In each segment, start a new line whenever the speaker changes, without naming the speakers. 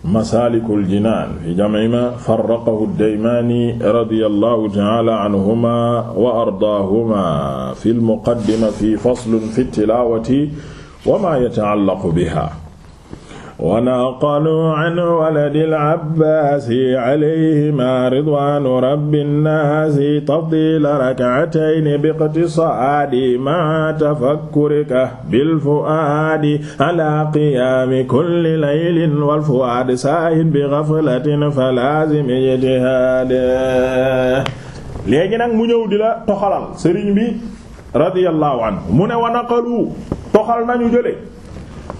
masaalikul jinaan fi jam'i ma farraqahu ad-Daymaani radiyallahu ta'ala anhumaa wa ardaahumaa fil muqaddima fi faslin fi tilaawati wa maa yata'allaqu bihaa wa naqalu an waladi al-abbaasi alayhima ridwaanu rabbi nnaasi tafdiila rak'atayni biqtisaadi ma'a tafakkurika bilfu'aadi alaa qiyaami kulli laylin wal fu'aad saahid bi ghaflatin falaazim ijtihaad léegi nag mu ñëw di la toxalal sëriñ bi radiyallahu anhu mu ne wa naqalu toxal nañu jële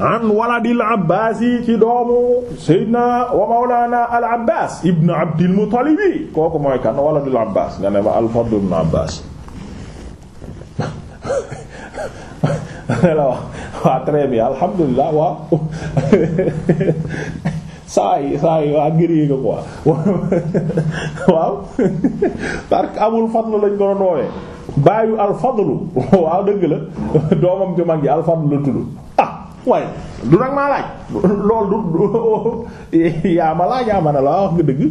an waladil abbas yi ci doomu Seydina wa mawlana al abbas ibn abdil muttalibi kooku mooy kan waladil abbas nga ne ma al fadl ibn abbas la wax waa très bien alhamdulilah waaw saa yi saa yi waa ngërie nga quoi waaw parce que abul fadl lañ ko doon woowee bàyyu al fadlu waaw dëgg la doomam ju mag ji al fadlu la tudd waaye du nag maa laaj loolu du yaa ma laaj yaa ma ne la wax nga dëgg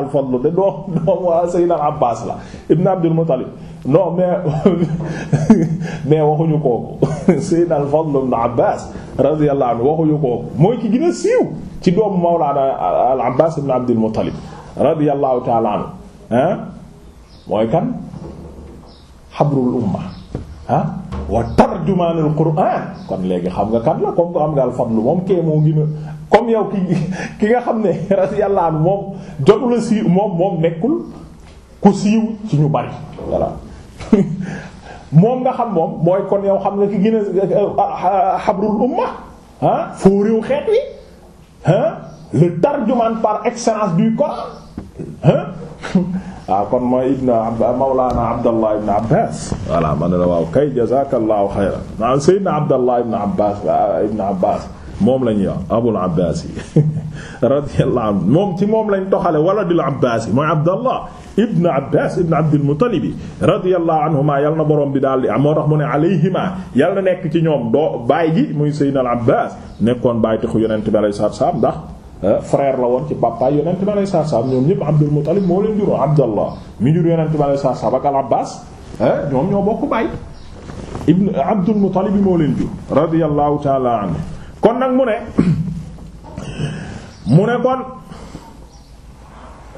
alfadlu de doom doom waa Seydina Abbas la ibn Abdul Muttalib non mais mais waxuñu kooku Seydina alfadlu ibn Abbas radiyallahu anhu waxuñu kooku mooy ki gën siiw ci doomu Mawlaana al Abbas ibn Abdul Muttalib radiyallahu ta'ala anhu mooy kan xabrul umma ah wa tarjumaanul qur'aan kon léegi xam nga kan la comme ko am nga al fadlu moom kee moo gën a comme yow ki nga xam ne radiyallahu anhu moom jotu la siiw moom moom nekkul ku siiw ci bari voilà moom nga xam moom mooy kon yow xam nga ki gën a xabrul euh, umma ah foo réew xeet wi ah tarjumaan par excellence du Coran ah. waaw ah, kon mooy ibn mawlana abdallah ibn abbas voilà man ne la waaw kay jazakallahu xayran ma sayyidna abdallah ibn abbas ah, ibn abbas moom la ñuy wax abul abbas moom ci moom lañ toxale waladul abbas yi mooy abdallah ibn abbas ibn abdul muttalib yi radiyallahu anhuma yal na borom bi daal di moo tax mu ne alayhima yal na nekk ci ñoom doo baay gi muy sayyidna al abbas nekkoon bàyyitixu yonente bi alayhi salaatu wa salaam ndax Eh, frère la woon ci papa yonent bi alayhi salaatu salaam ñoom ñëpp Abdul Muttalib moo leen juroo Abdallah mi jur yonent bi alayhi salaatu salaam ak al Abbaas eh, ñoom ñoo bokk baay ibn Abdul Muttalib moo leen jur radiyallahu ta'ala anhu kon nag mu ne mu ne kon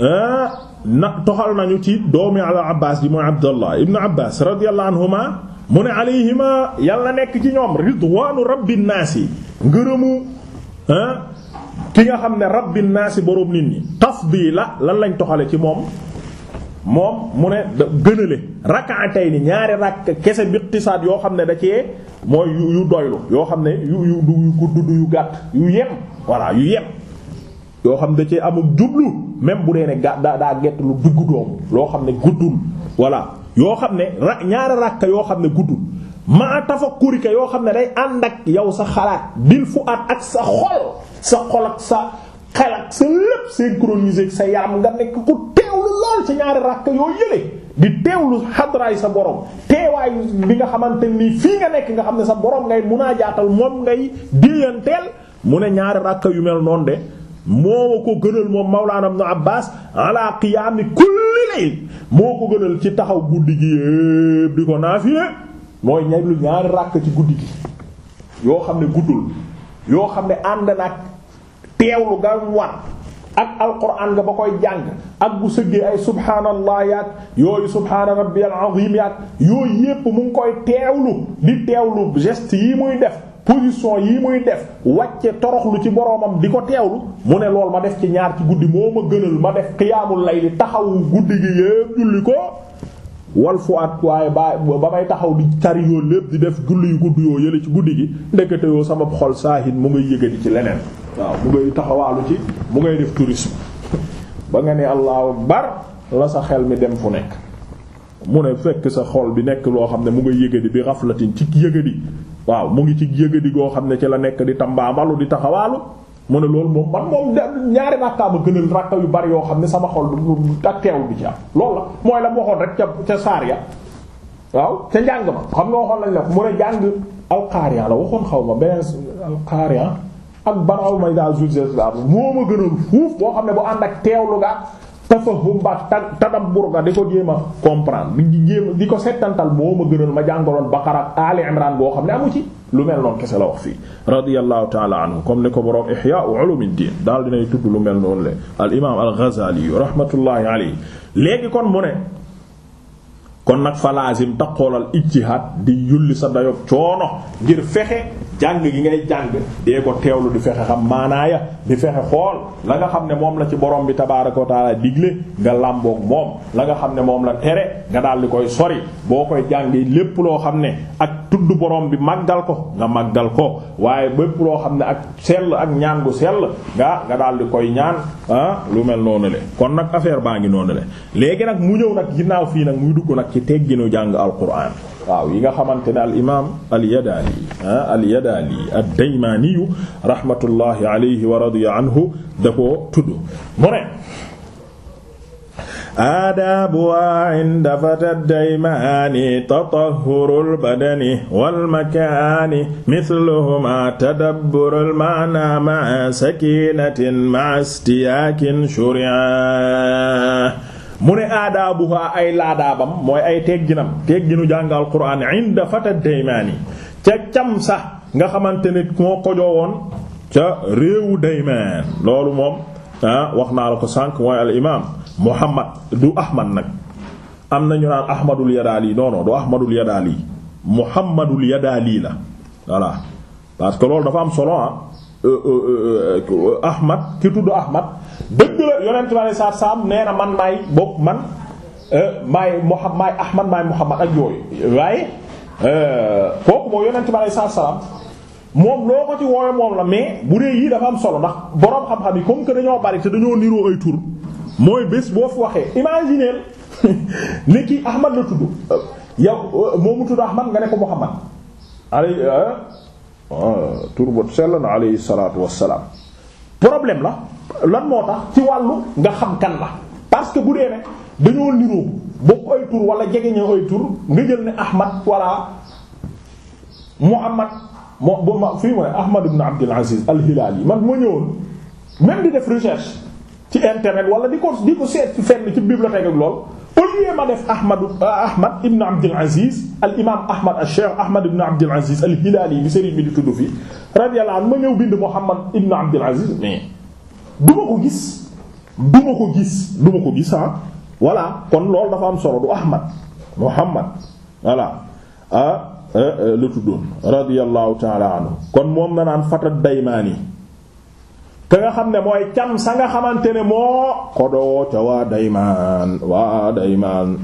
eh, na toxal nañu ci doomi al Abbaas ji mooy Abdallah ibn Abbaas radiyallahu anhuma mu ne alayhima yàlla nekk ci ñoom ridwaanu rabbin ki nga xam ne rabbi naasi boroom nit ñi la lan lañ toxale ci moom moom mu ne da gënale ni ñaari rakk kese bi biqtisaad yoo xam ne da cee mooy yu doylu yoo xam ne yu yu du yu gudd du yu gàtt da cee amul jublu même bu dee ne ga daa daa gett lu dugg loo xam ne guddul voilà yoo xam ne ra ñaari rakk yoo xam ne guddul maa tafakkurika yoo xam ne day ànd ak yow sa xalaat bil fu'aad ak sa xol sa xol ak sa xel ak sa lépp synchronisé sa yaram nga nekk ku teewlu lool ci ñaari rakk yoo yële di teewlu xadraay sa borom teewaay bi nga xamante ni fii nga nekk nga xam ne sa borom ngay munaajaatal moom ngay déeyanteel mu ne ñaari rakk yu mel noonu de moo ko gënal moom Mawlaana Ibn Abbaas ala qiyaami kulli layl moo ko gënal ci taxaw guddi gi yépp di ko naafile mooy ñay lu ñaari rakk ci guddi gi yoo xam ne guddul yoo xam ne ànd nag teewlu nga war ak alquran nga ba koy jàng ak bu sëggee ay subhaanallah yaat yooyu subhaana rabbiyal azim yaat yooyu yépp mu ngi koy teewlu di teewlu geste yi muy def position yi muy def wàcce toroxlu ci boroomam di ko teewlu mu ne lool ma def ci ñaar ci guddi moo ma gënal ma def xiyaamul layli taxawu guddi gi yépp julli ko wal fu waaye ba ba may taxaw di tari yoo lépp di def julli yu guddi yoo yële ci guddi gi ndekete yoo sama xol saahin mu ngay yëgadi ci leneen waaw mu ngay taxawaalu ci mu ngay def tourisme ba nga ne allahu akbar la sa xel mi dem fu nekk mu ne fekk sa xol bi nekk loo xam ne mu nga yëgadi bi raflatin ci yëgadi waaw mu ngi ci yëgadi goo xam ne ci la nekk di tambaamalu di taxawaalu mu ne loolu moom man moom ñaari rakkaa ma gënal rakka yu bari yoo xam ne sama xol du ak teewul bi ci am loolu la mooy la mu waxoon rek ca ca saar ya waaw ca njàng ma xam nga waxoon lañ la mu ne jàng alqaariya la waxoon xaw ma beneen alqaariya ak baraw may daa zulzil daa moo ma gënal fuuf boo xam ne bu ànd ak teewlu ga tafahum ba tadabbur ga di ko jéem a comprendre di jéem di ko settantal moo ma gënal ma jàngaloon Baqara ak Ali Imran boo xam ne amu ci lu mel noonu kese la wax fii radiyallahu ta'ala anhu comme ni ko boroom Ihya ulumuddin daal dinay tudd lu mel noonu le al imam al Ghazali rahmatullahi alayhi léegi kon mu ne kon nag fa lazim ta xoolal ijtihaad di yulli sa dayob coono ngir fexe jàng gi ngay jàng dee ko teewlu di fexe xam maanaaya di fexe xool la nga xam ne moom la ci borom bi tabaaraka wa taala digle nga làmboog moom la nga xam ne moom la tere nga daal di koy sori boo koy jàngi lépp loo xam ne ak tudd borom bi màggal ko nga màggal ko waaye bépp loo xam ne ak sell ak ñaan gu sell nga nga daal di koy ñaan ah lu mel noonu le kon nag affaire baa ngi noonu léegi nag mu ñëw nag ginnaaw fii nag muy dugg nag ci tegginu jàng alquran waaw yi nga xamante ne al imaam al yadaali ah al yadaali ad daymaaniyu rahmatullahi alayhi wa radiya anhu da ko tudd mu ne aadaabuwaa inda fata daymaani tatahurul badani wal makaani mithluhuma tadabburul maana ma'a sakinatin ma'a istiyaakin shuri'a mu ne aadaabuha ay laadaabam mooy ay tegginam tegginu jàngal quraan inda fata daymaani ca cam sax nga xamante ne moo kojoo woon ca réewu daymaan loolu moom ah wax naa la ko sànq mooy al imaam muhammad du ahmad nag am na ñu naan ahmadul yadaali non non du ahmadul yadaali muhammadul yadaali la voilà parce que loolu dafa am solo ah ahmad ki tudd ahmad dëgg la yonent bi alayhi salaatu salaam nee man maay bopp man euh, maay Muhammad maay Ahmad maay Muhammad ak yooyu waaye euh, kooku moo yonent bi alayhi salaatu salaam moom loo ko ci woowe moom la mais bu dee yii dafa am solo ndax boroom xam-xam yi comme que dañoo bari te dañoo niroo ay tur mooy bés boo fi waxee imaginer ne kii Ahmad la tudd yow euh, moomu tudd Ahmad nga ne ko Muhammad alay ah, tur bu sell na alayhi salaatu wassalaam problème la lan moo tax ci wàllu nga xam kan la parce que bu dee ne dañoo niroo bokk ay tur wala jegeñoo ay tur nga jël ne Ahmad wala Muhammad moo boo ma fii mu ne Ahmad ibn Abdul Aziz al-Hilali man ma ñëwoon même di def recherche ci internet wala di ko di ko seet ci fenn ci bibliothèque ak lool au lieu ma def Ahmad euh, Ahmad ibn Abdul Aziz al imaam Ahmad al-Cheikh Ahmad ibn Abdul Aziz al-Hilali bi sëriñ bi di tudd fii radiyallahu anhu ma ñëw bind Muhammad ibn Abdul Aziz mais. du ma ko gis du ko gis du ko gis ah voilà kon loolu dafa am solo du Ahmad Muhammad voilà ah euh, euh, lu tuddoon radiyallahu taala kon moom na naan fata daymaani ka nga xam ne mooy cam sa nga xamante ne moo kodoo ca waa daymaan waa daymaan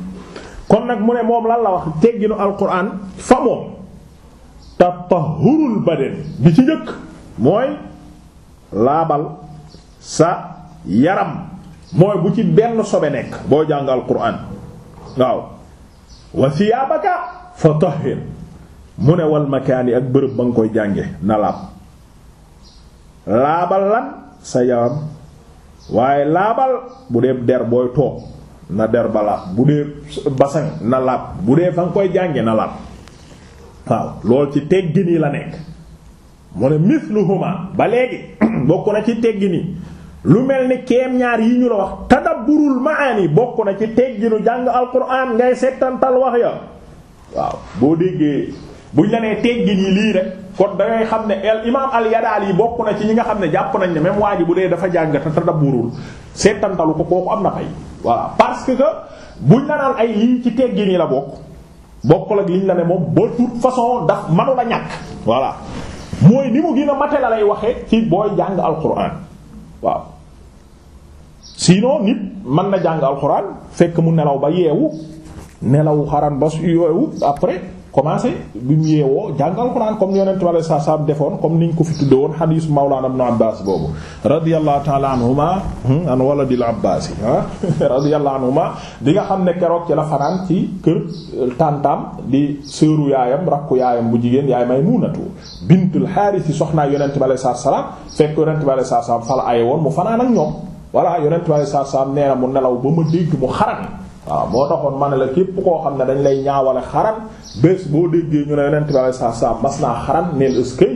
kon nag mu ne moom lan la wax tegginu alquran fa moom tatahurul baden bi ci njëkk mooy laabal sa yaram mooy bu ci benn sobe nekk boo jàngal quraan waaw wa fa tahhir mu ne wal makaan yi ak bërëb ba nga koy jànge na laab laabal lan sa yaram waaye laabal bu dee der booy toog na der ba laab bu dee basan na bu dee fa nga koy jànge na laab waaw loolu ci teggi nii la nekk mu ne misluhuma ba léegi bokk na ci teggi nii lu mel ni kem ñaar yi ñu la wax tadabburul maani bokk na ci tegginu jàng alquran ngay settantal wax ya waaw boo déggee buñ la nee teggin yi lii rek kon da xam ne el imaam al yadaal yi bokk na ci ñi nga xam ne jàpp nañ ne même waa bu dee dafa jàng te tadabburul settantalu ko kooku am na fay voilà parce que buñ la naan ay lii ci teggin yi la bokk bokkul ak liñ la ne moom ba toute façon daf mënu la ñàkk mooy ni mu gën mate la lay waxee ci booy jàng alquran. waaw sino nit man na jàng alxuraan fekk mu nelaw ba yeewu nelawu xaran ba yooyu après commencé bi mu yeewoo jàng alxuraan comme yonent bi alayhi salaatu salaam defoon comme niñ ko fi tudde woon xadiis Mawlaana Ibnu Abbaas boobu radiyallahu ta'ala anhuma hmm, an waladil Abbaas yi ah radiyallahu di nga xam ne keroog ci la fanaan ci kër euh, tàntaam di sëru yaayam rakku yaayam bu jigéen yaay Maymuunatu bintul Haaris yi soxnaa yonent bi alayhi salaatu salaam fekk yonent bi alayhi salaatu salaam fala ay woon mu fanaan ak ñoom voilà yonent bi alayhi salaatu salaam nee mu nelaw ba ma dégg mu waaw moo taxoon ma ne la képp koo xam ne dañ lay ñaawale xaran bés boo déggee ñu ne yonent bi alayhi salaatu salaam mas naa xaran neel ëskay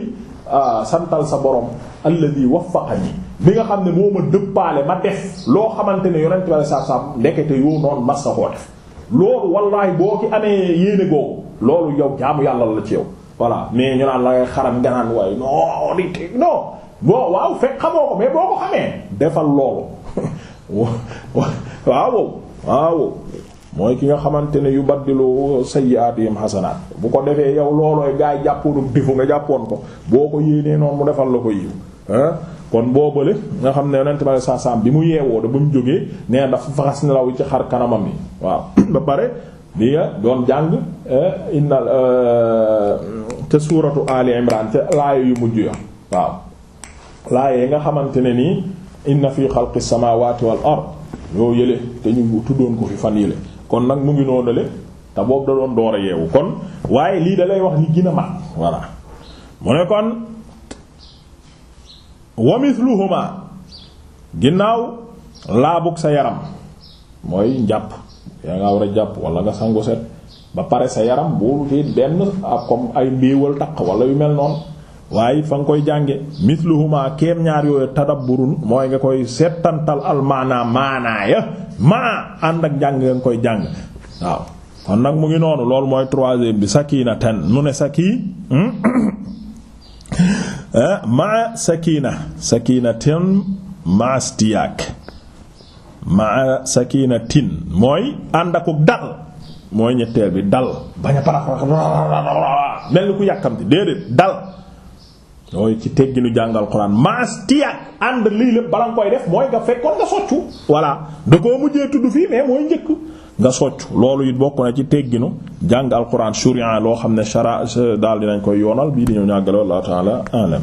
ah, santal sa borom alladhi waffaqani bi nga xam ne moo ma dëppaale ma def loo xamante ne yonent bi alayhi salaatu salaam ndekete yoo noonu mas sa koo def loolu wallaahi boo ci amee yéene googu loolu yow jaamu yàlla la ci yow voilà mais ñu naan la ngay xaran nga naan waaye non di teg non waaw fekk xamoo ko mais boo ko xamee defal loolu waaw waaw mooy ki nga xamante ne yu baddilu sayyi'atihim hasanaat bu ko defee yow loolooy gaay jàppoonum difu nga jàppoon ko boo ko yéenee noonu mu defal la ko yiw kon boobale nga xam ne yonent ba saa saam bi mu yeewoo da ba mu jógee nee dafa faxas nelaw yi ci xar kanamam yi waaw ba pare di nga doon jàng eh, innal eh, suuratu Ali Imran te laaya yu mujj ya waaw laaya yi nga xamante ne nii inna fi xalqis samawati wal ard yoo yële te ñu tuddoon ko fi fan yële kon nag mu ngi noonale te boobu da doon door a yeewu kon waaye lii da lay wax li gën a voilà mu ne kon wa mithluhuma ginnaaw laabug sa yaram mooy njàpp yaa nga war a jàpp wala nga sangu set ba pare sa yaram boolu ci benn ak comme ay mbiiwal taq wala yu mel noonu waaye fa nga koy jànge mithluhuma keem ñaar yooyu tadabburun mooy nga koy settantal almaana maanaaya maa ànd ak jàng nga koy jàng waaw kon nag mu ngi noonu loolu mooy troisième bi sakina ten mu ne saki hmm? eh, maa sakina sakina ten maa tin mooy ànd akuk dal mooy ñetteel bi dal bañ a parax mel ni ku yàkkamti déedéet dal looy ci tégginu jàngal quran maas tiyaat ànd lii lépp bala nga koy def mooy nga fekkoon nga soccu voilà da koo mujjee tudd fii mais mooy njëkk nga soccu loolu it bokk na ci tegginu jàng alquran shurian loo xam ne shara daal dinañ koy yoonal bii di ñëw ñàggale wallahu ta'ala alam